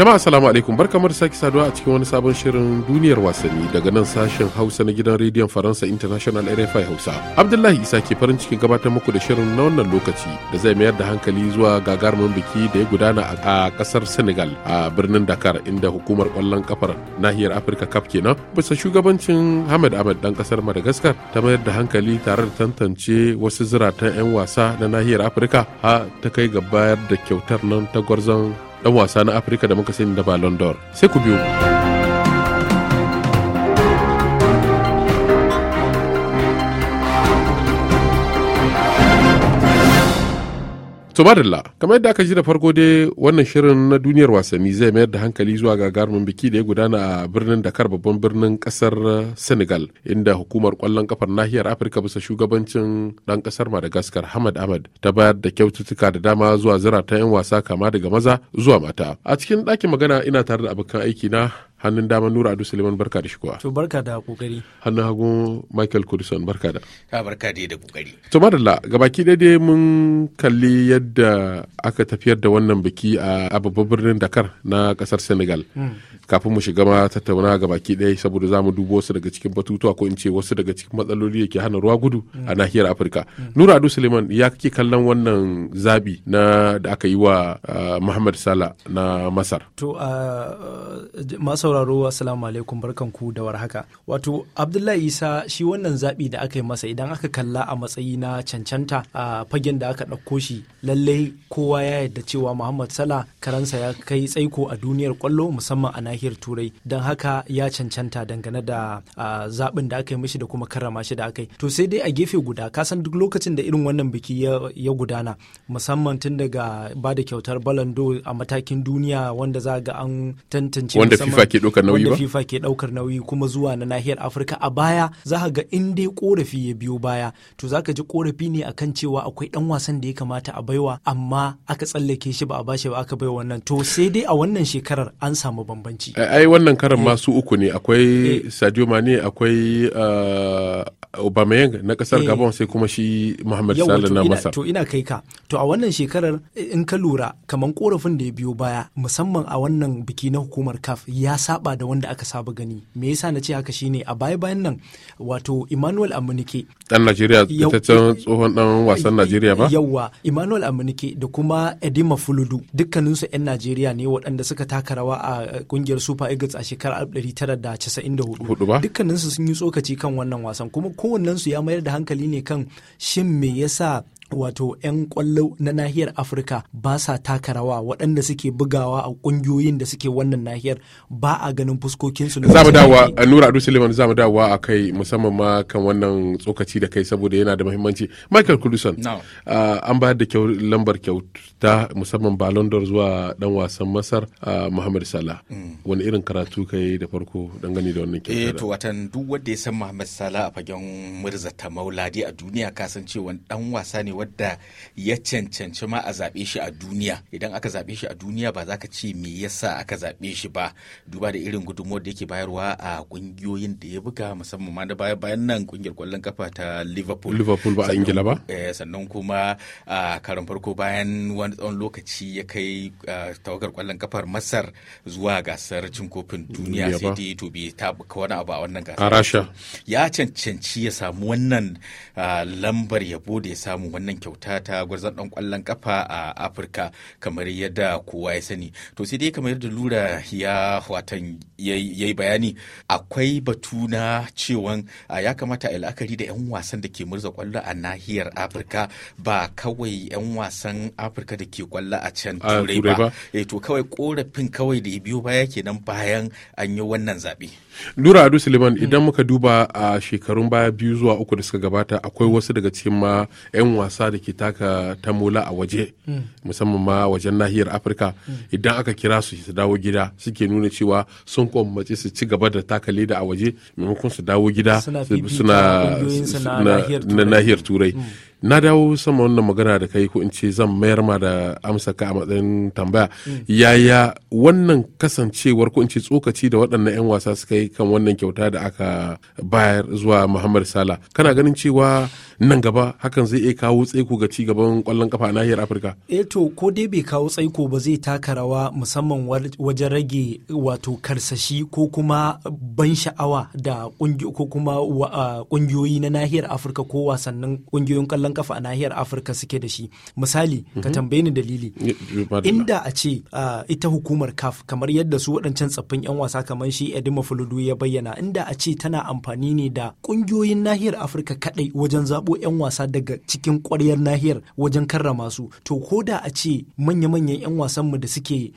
Jama'a salamu alaikum bar kamar sake saduwa a cikin wani sabon shirin duniyar wasanni daga nan sashen Hausa na gidan rediyon Faransa International RFI Hausa. Abdullahi Isa ke farin cikin gabatar muku da shirin na wannan lokaci da zai mayar da hankali zuwa gagarumin biki da ya gudana a kasar Senegal a birnin Dakar inda hukumar kwallon kafar nahiyar Afirka Cup kenan bisa shugabancin Ahmed Ahmed dan kasar Madagascar ta mayar da hankali tare da tantance wasu ziratan 'yan wasa na nahiyar Afirka ha ta kai ga bayar da kyautar nan ta gwarzon dan wasa na afirka da muka sani da ballon d'or sai ku biyo mu So madalla, kamar yadda aka ji da farko dai wannan shirin na duniyar wasanni zai mayar da hankali zuwa gagarumin biki da ya gudana a birnin Dakar babban birnin kasar Senegal inda hukumar kwallon kafar nahiyar Afirka bisa shugabancin dan kasar madagaskar Hamad Ahmad ta bayar da kyaututtuka da dama zuwa zira ta 'yan wasa kama daga maza zuwa mata. A cikin ɗakin magana ina tare da abokan aiki na hannun dama nura adu suleiman barka da shigowa to barka da kokari hannun hagu michael kudison barka da ka barka da da kokari to madalla gabaki dai mun kalli yadda aka tafiyar da wannan biki a babban birnin dakar na kasar senegal hmm. kafin mu shiga ma tattauna gabaki ɗaya saboda za mu dubo wasu daga cikin batutuwa ko in ce wasu daga cikin matsaloli da ke hana ruwa gudu hmm. a nahiyar afirka hmm. nura adu suleiman ya kake kallon wannan zabi na da aka yi wa ah, muhammad sala na masar to ah, Masar. sauraro assalamu alaikum barkanku da warhaka wato abdullahi isa shi wannan zaɓi da aka yi masa idan aka kalla a matsayi na cancanta a fagen da aka ɗauko shi lallai kowa ya yadda cewa muhammad sala karansa ya kai tsaiko a duniyar kwallo musamman a nahiyar turai don haka ya cancanta dangane da zaɓin da aka yi mishi da kuma karrama shi da aka yi to sai dai a gefe guda ka san duk lokacin da irin wannan biki ya gudana musamman tun daga bada kyautar balando a matakin duniya wanda za ga an tantance wanda daukar ɗaukar nauyi ba wanda FIFA ke ɗaukar nauyi kuma zuwa na nahiyar Afirka a baya za ka ga in dai korafi ya biyo baya to za ka ji korafi ne akan cewa akwai ɗan wasan da ya kamata a baiwa amma aka tsallake shi ba a bashi ba aka baiwa wannan to sai dai a wannan shekarar an samu bambanci ai wannan karan ma eh. su uku ne akwai eh. Sadio Mane akwai ah, Aubameyang na kasar eh. Gabon sai kuma shi Muhammad Salah na masa. to ina kai ka to a wannan shekarar in ka lura kaman korafin da ya biyo baya musamman a wannan biki na hukumar CAF ya sa saba da wanda aka saba gani me yasa na ce haka shine a baya bayan nan wato Emmanuel Amunike dan Najeriya tsohon dan wasan Najeriya ba yawa Emmanuel Amunike da kuma Edima Fuludu dukkanin su yan Najeriya ne waɗanda suka taka rawa a kungiyar Super Eagles a shekarar 1994 dukkanin su sun yi tsokaci kan wannan wasan kuma kowannen su ya mayar da hankali ne kan shin me yasa wato 'yan kwallo na nahiyar afirka ba sa taka rawa waɗanda suke bugawa a ƙungiyoyin da suke wannan nahiyar ba a ganin fuskokinsu za mu dawa nura adu suleiman za mu dawa a kai musamman ma kan wannan tsokaci da kai saboda yana da muhimmanci michael kudusan ah, an bayar da lambar kyauta musamman ba london zuwa dan wasan masar ah, muhammad salah mm. wani irin karatu kai da farko dangane da wannan kyauta eh to watan duk wanda ya san muhammad salah a fagen murza ta mauladi a duniya kasancewa dan wasa ne wadda ya cancanci ma a zaɓe shi a duniya idan aka zaɓe shi a duniya ba za ka ce me yasa aka zaɓe shi ba duba da irin gudunmuwar da yake bayarwa a ƙungiyoyin da ya buga musamman ma da baya bayan nan ƙungiyar ƙwallon kafa ta liverpool liverpool ba a ingila ba eh, sannan kuma a karon farko bayan wani tsawon lokaci ya kai tawagar ƙwallon kafar masar zuwa gasar cin kofin duniya sai dai to bai taɓuka wani abu a wannan gasar ya cancanci ya samu wannan lambar yabo da ya samu wannan wannan kyauta ta gwarzon dan kwallon kafa a afirka kamar yadda kowa ya sani to sai dai kamar yadda lura ya watan ya yi bayani akwai batu na cewan ya kamata a la'akari da 'yan wasan da ke murza kwallo a nahiyar afirka ba kawai 'yan wasan afirka da ke kwallo a can turai ba eh, to kawai korafin kawai da ya biyo baya kenan bayan an yi wannan zaɓe lura adu suleiman idan muka duba a shekarun baya biyu zuwa uku da suka gabata akwai wasu daga cikin ma 'yan wasan ƙasa da ke taka ta a waje musamman ma wajen nahiyar afirka idan aka kira su su dawo gida suke nuna cewa sun kwammace su ci gaba da taka leda a waje maimakon su dawo gida suna na nahiyar turai mm. na dawo sama wannan magana da kai ko in ce zan mayar ma da amsa ka a matsayin tambaya yaya wannan kasancewar ko in ce tsokaci da waɗannan 'yan wasa suka yi kan wannan kyauta da aka bayar zuwa muhammad sala kana ganin cewa nan gaba hakan zai iya kawo tsaiko ga ci gaban kwallon kafa a nahiyar afirka eh to ko dai bai kawo tsaiko ba zai taka rawa musamman wajen rage wato karsashi ko kuma ban sha'awa da ko kuma kungiyoyi na nahiyar afirka ko wasannin kungiyoyin kwallon ƙwallon kafa a nahiyar Afirka suke da shi misali ka mhm. tambaye ni dalili inda a ce ita hukumar CAF kamar yadda su waɗancan tsaffin 'yan wasa kamar shi Edima Fuludu ya bayyana inda a ce tana amfani ne da ƙungiyoyin nahiyar Afirka kaɗai wajen zaɓo 'yan wasa daga cikin ƙwaryar nahiyar wajen karrama su to ko da a ce manya-manyan 'yan wasanmu da suke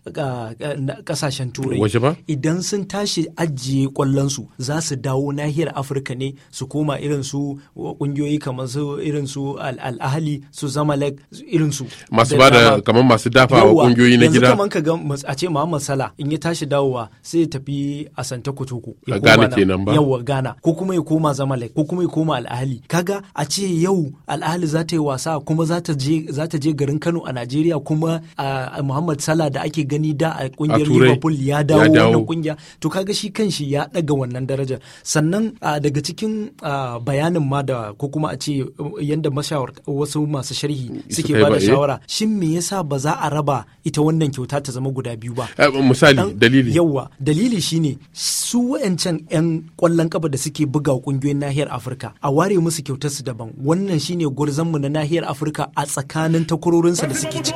ƙasashen turai idan sun tashi ajiye ƙwallonsu za su dawo nahiyar Afirka ne su koma irin su ƙungiyoyi kamar su irin su al'ahali su zama like irin su masu da kamar masu dafa wa kungiyoyi na gida yanzu kaman ka ga a ce Muhammad Salah in ya tashi dawowa sai ya tafi a Santa Kotoko ya Ghana kenan ba yawa Ghana ko kuma ya koma Zamalek ko kuma ya koma al'ahali kaga a ce yau al'ahali za ta yi wasa kuma za ta je garin Kano a Najeriya kuma Muhammad Salah da ake gani da a kungiyar Liverpool ya dawo wannan kungiya to kaga shi kanshi ya daga wannan darajar sannan daga cikin bayanin ma da ko kuma a ce yanda masha wasu masu sharhi suke ba da eh? shawara shin me yasa ba za a raba ita wannan kyauta ta zama guda biyu ba eh, misali dalili yawa dalili shine su wayancan yan kwallon kafa da suke buga kungiyoyin nahiyar Afirka a ware musu kyautar su daban wannan shine gwarzon mu na nahiyar Afirka a tsakanin takwarorinsa da suke ciki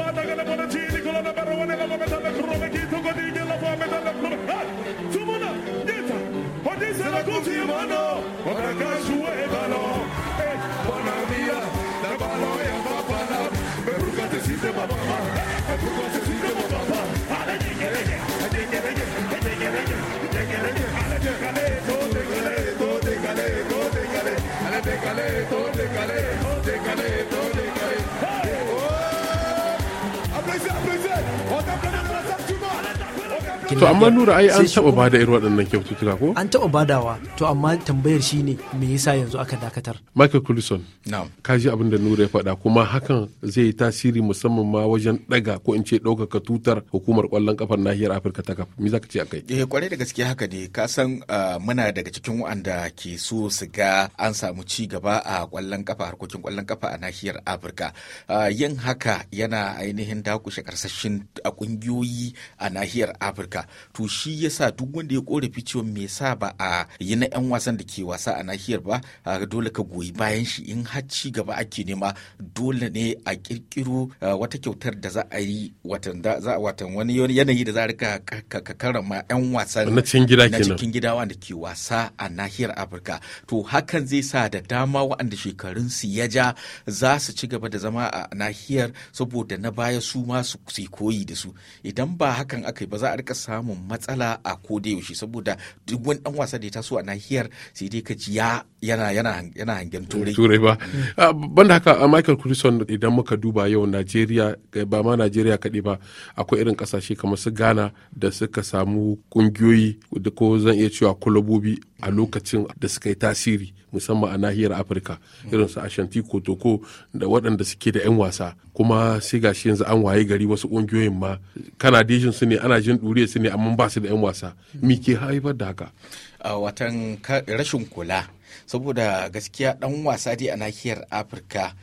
to amma nura ai an taba bada irin waɗannan kyaututtuka ko an taba badawa to amma tambayar shine me yasa yanzu aka dakatar michael coulson naam ka ji abin da nura ya faɗa kuma hakan zai yi tasiri musamman ma wajen ɗaga ko in ce ɗaukaka tutar hukumar ƙwallon kafar nahiyar afirka ta kafa. me zaka ce akai eh kwarai da gaske haka ne ka san ah, muna daga cikin waɗanda ke so su ga an samu ci gaba a ƙwallon kafa harkokin ƙwallon kafa a nahiyar afirka ah, yin haka yana ainihin dakushe karsashin a ah, ƙungiyoyi a nahiyar afirka afirka to shi yasa duk wanda ya korafi cewa me yasa ba a yi na yan wasan da ke wasa a nahiyar ba dole ka goyi bayan shi in har ci gaba ake nema dole ne a kirkiro wata kyautar da za a yi watan wani yanayi da za a rika ka karama yan wasan na cikin gida wanda ke wasa a nahiyar afirka to hakan zai sa da dama waɗanda shekarun shekarunsu ya ja za su ci gaba da zama a nahiyar saboda na baya su ma su koyi da su idan ba hakan aka yi ba za a rika samun matsala a koda yaushe saboda duk wani dan wasa da ya taso a nahiyar sai dai ka ji yana hangen turai turai ba mm. banda haka Michael Crison idan muka duba yau Najeriya eh, ba ma Najeriya kaɗai ba akwai irin kasashe kamar su Ghana da suka samu kungiyoyi ko zan iya cewa kulabobi a lokacin da suka yi tasiri musamman a nahiyar afirka irin su ashanti kotoko da waɗanda suke da 'yan wasa kuma sai gashi yanzu an waye gari wasu ƙungiyoyin ma kana dijin su ne ana jin ɗuriya su ne amma ba su da 'yan wasa mi ke haifar da haka a watan rashin kula saboda gaskiya ɗan wasa dai a nahiyar afirka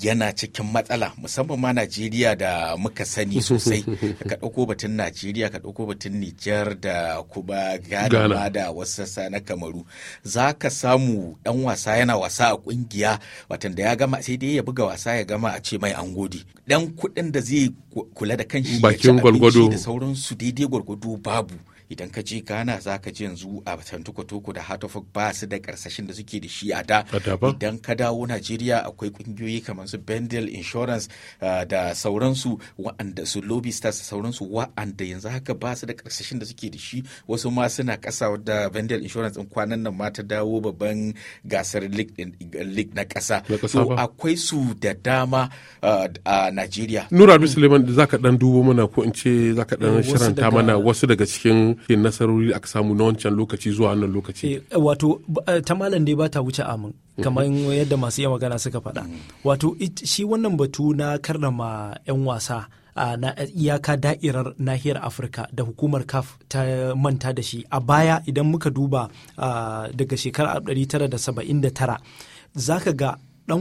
yana cikin matsala musamman ma najeriya da muka sani sosai ka ɗauko batun najeriya ka ɗauko batun nijar da kuma ghana da wasu sassa na kamaru za ka samu ɗan wasa yana wasa a kungiya watan da ya gama sai dai ya buga wasa ya gama a ce mai an gode ɗan kuɗin da zai kula da kanshi ya ci abinci da sauransu daidai gwargwado babu idan ka je ghana za ka ji yanzu a toko da heart of ba su da karsashin da suke da shi a da idan ka dawo nigeria akwai kungiyoyi kamar su bendel insurance ah, da sauransu wa'anda su lobby stars sauransu wa'anda yanzu haka ba su da karsashin da suke da shi wasu ma suna kasa da bendel insurance in kwanan nan ma ta dawo babban gasar league na kasa so akwai su da dama ah, a nigeria nura musulman za ka dan dubo mana ko in ce za ka dan eh, shiranta mana wasu daga cikin yin nasarori aka samu na wancan lokaci zuwa wannan lokaci eh, wato eh, ta malam dai ba ta wuce amin mhm. kamar yadda masu iya magana suka faɗa mhm. wato shi wannan batu na karrama 'yan wasa na eh, iyaka da'irar nahiyar afirka da hukumar kaf ta manta da shi a baya idan muka duba daga shekarar 1979 za ka ga dan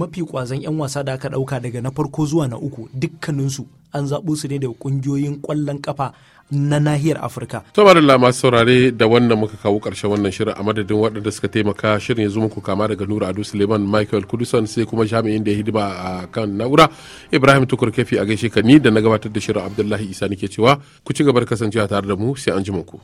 mafi kwazan 'yan wasa da aka dauka daga na farko zuwa na uku dukkaninsu an zaɓo su ne da ƙungiyoyin ƙwallon kafa na nahiyar afirka saboda da masu saurare da wannan muka kawo ƙarshen wannan shirin a madadin waɗanda suka taimaka shirin ya muku kama daga nura adu suleiman michael kudison sai kuma jami'in da ya hidima a kan na'ura ibrahim tukur kefi a gaishe ka ni da na gabatar da shirin abdullahi isa nake cewa ku ci gaba da kasancewa tare da mu sai an ji ku.